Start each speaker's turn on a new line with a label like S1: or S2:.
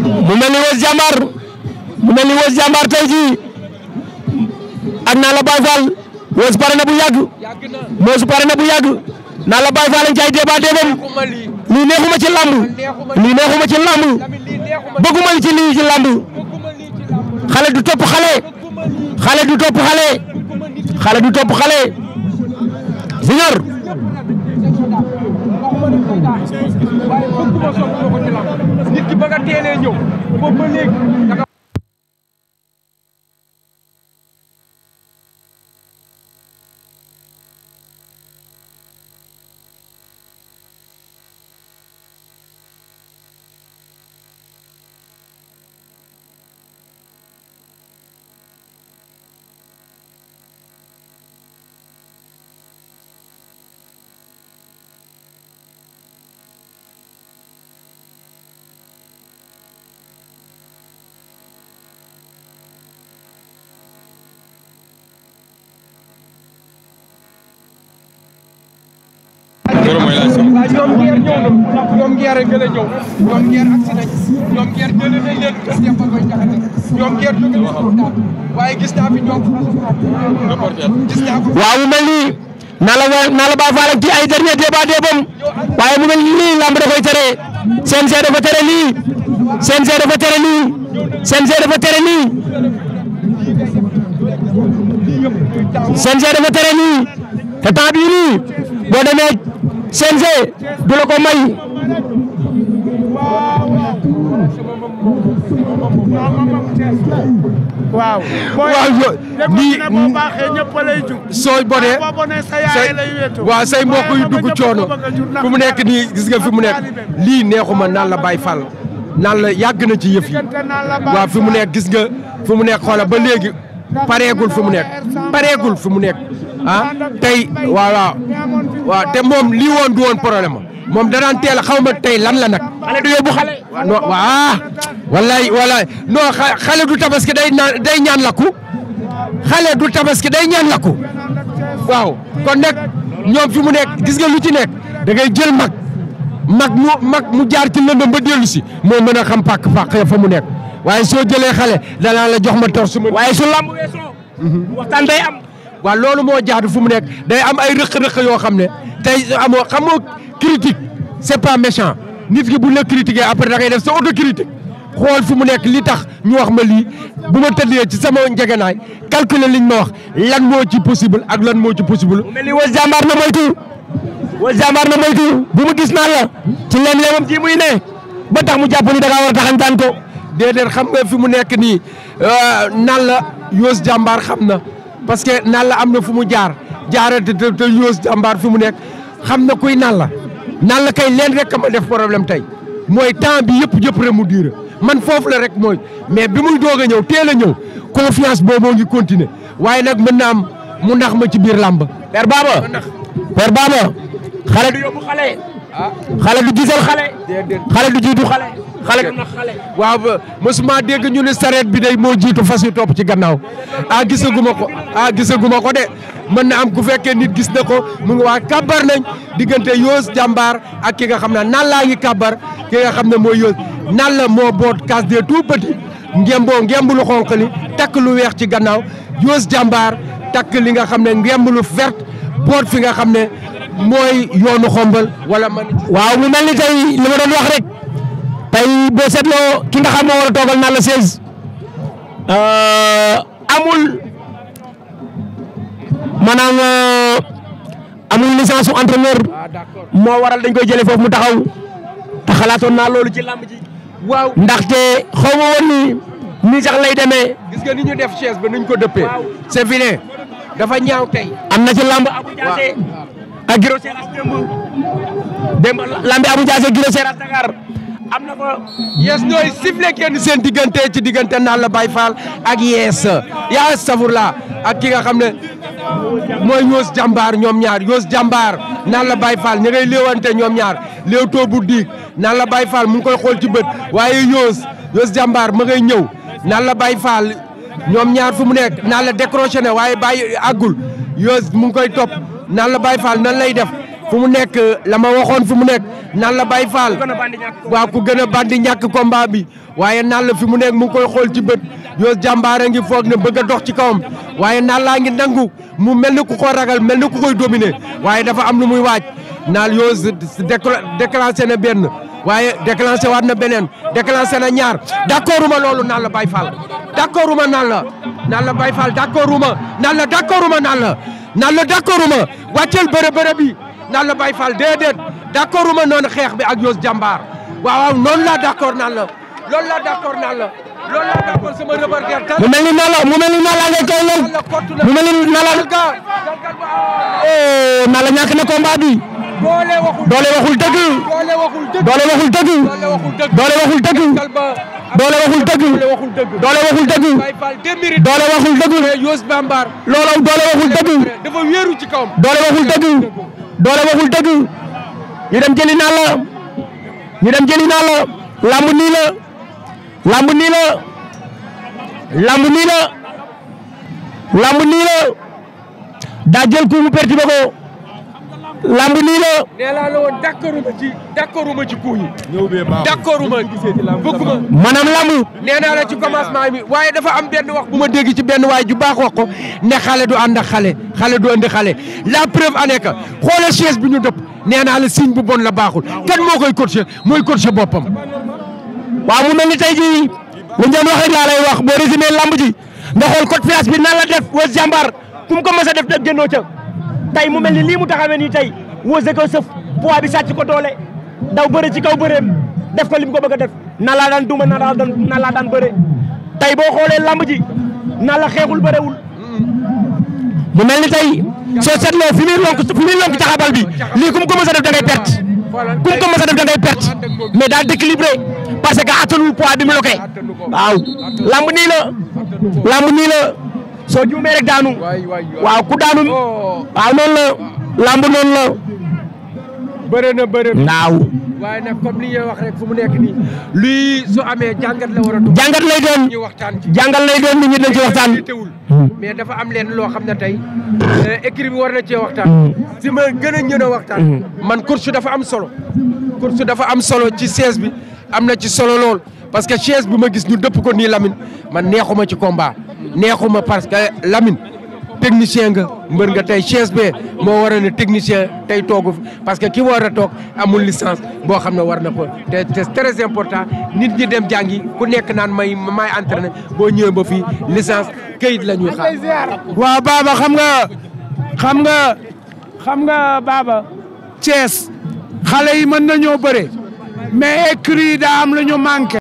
S1: mu mel ni Weuz Jambar mu mel ni Weuz Jambar tey jii ak naa la Baye Fall Weuz pare na bu yàgg Weuz pare na bu yàgg naa la Baye Fall lañ cay débat débam
S2: lii neexuma ci lamb lii neexuma ci lamb
S1: bëgguma ci lii ci lamb xale du topp xale xale du topp xale xale du topp xale Junior waaye bëgg ma soog ko ci lamb nit ki ba nga teelee
S2: ñëw noonu ñoom ngeer a gën a ñëw ñoom ngeer agsi nañ ñoom ngeer jëli waaye gis naa fi ñoom gis naa ko
S1: waaw mu mel nii naa la naa la baa faal ak tere CNG dafa tere lii tere lii CNG dafa tere tere lii te temps bii nii CNG du la ko may
S2: waaw waaw nii soo bonee say waaw say mbokk yu dugg coono fu mu nekk nii gis nga fi mu nekk lii neexuma naan la Baye Fall naan la yàgg na ci yëf yi
S1: waaw fi mu nekk gis
S2: nga fi mu nekk xoola ba léegi pareegul fi mu nekk pareegul fi mu nekk ah tey voilà waaw te moom lii woon du woon problème moom danaan teel a xaw tey lan la nag. xale du yóbbu xale. non waaw wallaay wallaay non xale du tabaski day day ñaan lakku xale du tabaski day ñaan lakku waaw kon nag ñoom fi mu nekk gis nga lu ci nekk da ngay jël mag mag mu mag mu jaar ci lëndëm ba dellu si moo mën a xam pàkk pàkk ya fa mu nekk waaye soo jëlee xale danaa la jox ma tor su ma. waaye su lamb wa loolu moo jaadu fu mu nekk day am ay rëq-rëq yoo xam ne tey amoo critique c'est pas méchant nit ki bu le critiquer après da ngay def sa autocritique xool fu mu nekk li tax ñu wax ma lii bu ma ci sama njegenaay calculer liñ ma
S1: wax lan moo ci possible ak lan moo ci possible. mel ni Weuz Jambaar na moytu Weuz Jambaar na moytu bu mu gis naa la ci leen lemam ji muy ne ba tax mu jàpp ni da ngaa war a taxañ
S2: daan ko déedéet xam nga fi mu nekk nii euh, naan la Weuz Jambaar xam parce que Nalla am na fu mu jaar jaaree te te Yuus jàmbaar fi mu nekk xam na kuy Nalla Nalla kay leen rek ma def problème tey mooy temps bi yëpp yëpp rek mu diir man foofu la rek mooy mais bi muy doog a ñëw teel a ñëw confiance booboo ngi continuer waaye nag mën naam mu nax ma ci biir làmb. Père Baba
S1: Père Baba xale du yóbbu xale. xale du xale. du jiitu xale. xale
S2: waaw mosuma dégg ñu ne sareet bi day moo jiitu fas yu topp ci gannaaw ah gisaguma ko ah gisaguma ko de mën na am ku fekkee nit gis na ko mu ngi wax kàbbar nañ diggante yoos jàmbaar ak ki nga xam ne nan laa ngi kabar ki nga xam ne mooy yoos nan la moo boot case des tout ngemboo ngemb lu xonq li takk lu weex ci gannaaw yoos jàmbaar takk li nga xam ne ngemb lu vert boot fi nga xam ne mooy yoonu
S1: man waaw mu mel ni tey ma wax rek tey boo seetloo ki nga xam moo war a toogal naa la 16 euh, amul maanaam euh, amul licence su entraîneur ah, moo waral dañ koy jëlee foofu mu taxaw te xalaatoon naa loolu ci làmb ji. waaw ndaxte
S2: xaw ma woon ni nii sax lay demee. gis nga ni ñu def chaise ba nuñ ko dëppee. c'est vilain dafa ñaaw tey. am na ci làmb Abou Diassé ak Giro Seras démb. démb làmb Abou Diassé Giro Seras Dakar. am na fa yees ñooy sifflé kenn seen diggante ci diggante naan la Baye Fall ak yees yaa safur la ak ki nga xam ne mooy ñoos jàmbaar ñoom ñaar ñoos jàmbaar naan la Baye Fall ña ngay léewante ñoom ñaar léew too naan la Baye Fall mu ngi koy xool ci bët waaye ñoos ñoos jàmbaar ma ngay ñëw naan la Baye Fall ñoom ñaar fu mu nekk naan la décroché waaye bàyyi àggul ñoos mu ngi koy top naan la Baye Fall nan lay def. fu mu nekk la ma waxoon fu mu nekk naan la Baye Fall waaw ku gën a bandi ñàkk combat bi waaye naan la fi mu nekk mu koy xool ci bët yoos a ngi foog ne bëgg a dox ci kawam waaye naan laa ngi nangu mu mel ni ku ko ragal mel na ku koy domine waaye dafa am lu muy waaj naan yoos déclenché na benn waaye déclenché waat na beneen déclenché na ñaar d'accord uma loolu naan la Baye Fall d'accord uma naan la naan la Baye Fall d'accord uma naan la d'accord uma naan la naan la d'accord uma naan la Baye Fall déedéet d' accord uma noonu xeex bi ak Yoos jàmbaar waaw waaw noonu laa d' accord naan la loolu laa d' accord naan la loolu laa d' accord sama reporter mu mel ni Nala mu mel ni Nala ngay koy lool mu mel ni Nala
S1: Nala ñàkk na combat bi doole
S2: waxul doole waxul dëgg doole waxul dëgg doole waxul dëgg doole waxul dëgg doole waxul dëgg doole waxul dëgg
S1: doole waxul dëgg loolu doole waxul dëgg dafa wéeru ci kawam doole waxul dëgg doole waxul dëgg ñu dem jëli naa la ñu dem naa la lamb nii la lamb nii la lamb nii la lamb nii la daa ko lamb nii la. nee
S2: naa la woon d' ma ci d' accord ma ci kuu yi. ñëw bee baaxul d' accord ma la ci commencement bi waaye dafa am benn wax bu ma dégg ci benn waay ju baax wax ko ne xale du ànd ak xale xale du andi xale la preuve en est que xoolal chaise bi ñu dëpp nee naa la signe bu bon la baaxul kan moo koy coacher mooy coacher boppam. waaw mu mel ni tey
S1: jii li ngeen wax rek laa lay wax boo résumé lamb ji nga xool code bi nan la def wa jàmbaar ku ko mës a def da génnoo ca. tay mu melni li lii mu taxawee nii tey Weuze ko seuf poids bi satti ko dolé daw bëré ci kaw bërem def ko lim ko bëgg def na la dan duma na la dan na la dan bëré tay bo xolé lamb ji na la xeexul bërewul mu melni tay so soo seetloo fi mi lonk fi mi lonk taxabal bi li kum ko mësa def da ngay perte kum ko mësa def da ngay perte mais dal déséquilibré parce que attanul poids bi mu loké waw lamb ni la lamb ni la soo juumee rek daanu waaw ku daanu oh.
S2: waaw noonu la lamb noon la bëre na bëre naaw waaye nag comme li wax rek fu mu nekk nii luy su amee jàngat la war jàngat lay doon ñu waxtaan ci jàngat lay doon nit ñi dañ ci waxtaan hmm. mais dafa am leen loo xam ne tey eh, écrit bi war na cee waxtaan hmm. si ma gën a ñën a waxtaan hmm. man course dafa am solo course dafa am solo ci chaise bi am na ci solo lool parce que chaise bi ma gis ñu dëpp ko nii Lamine man neexuma ci combat neexuma parce que Lamine technicien nga mbër nga tey chaise bee moo war a ne technicien tey toogu fi parce que ki war a toog amul licence boo xam ne war na ko te c'est très important nit ñi dem jàngi ku nekk naan may may entraîné boo ñëwee ba fii licence këyit la ñuy xaar. waa Baba xam nga xam nga xam nga Baba Thiès xale yi mën nañoo bëre mais écrit daa am lu ñu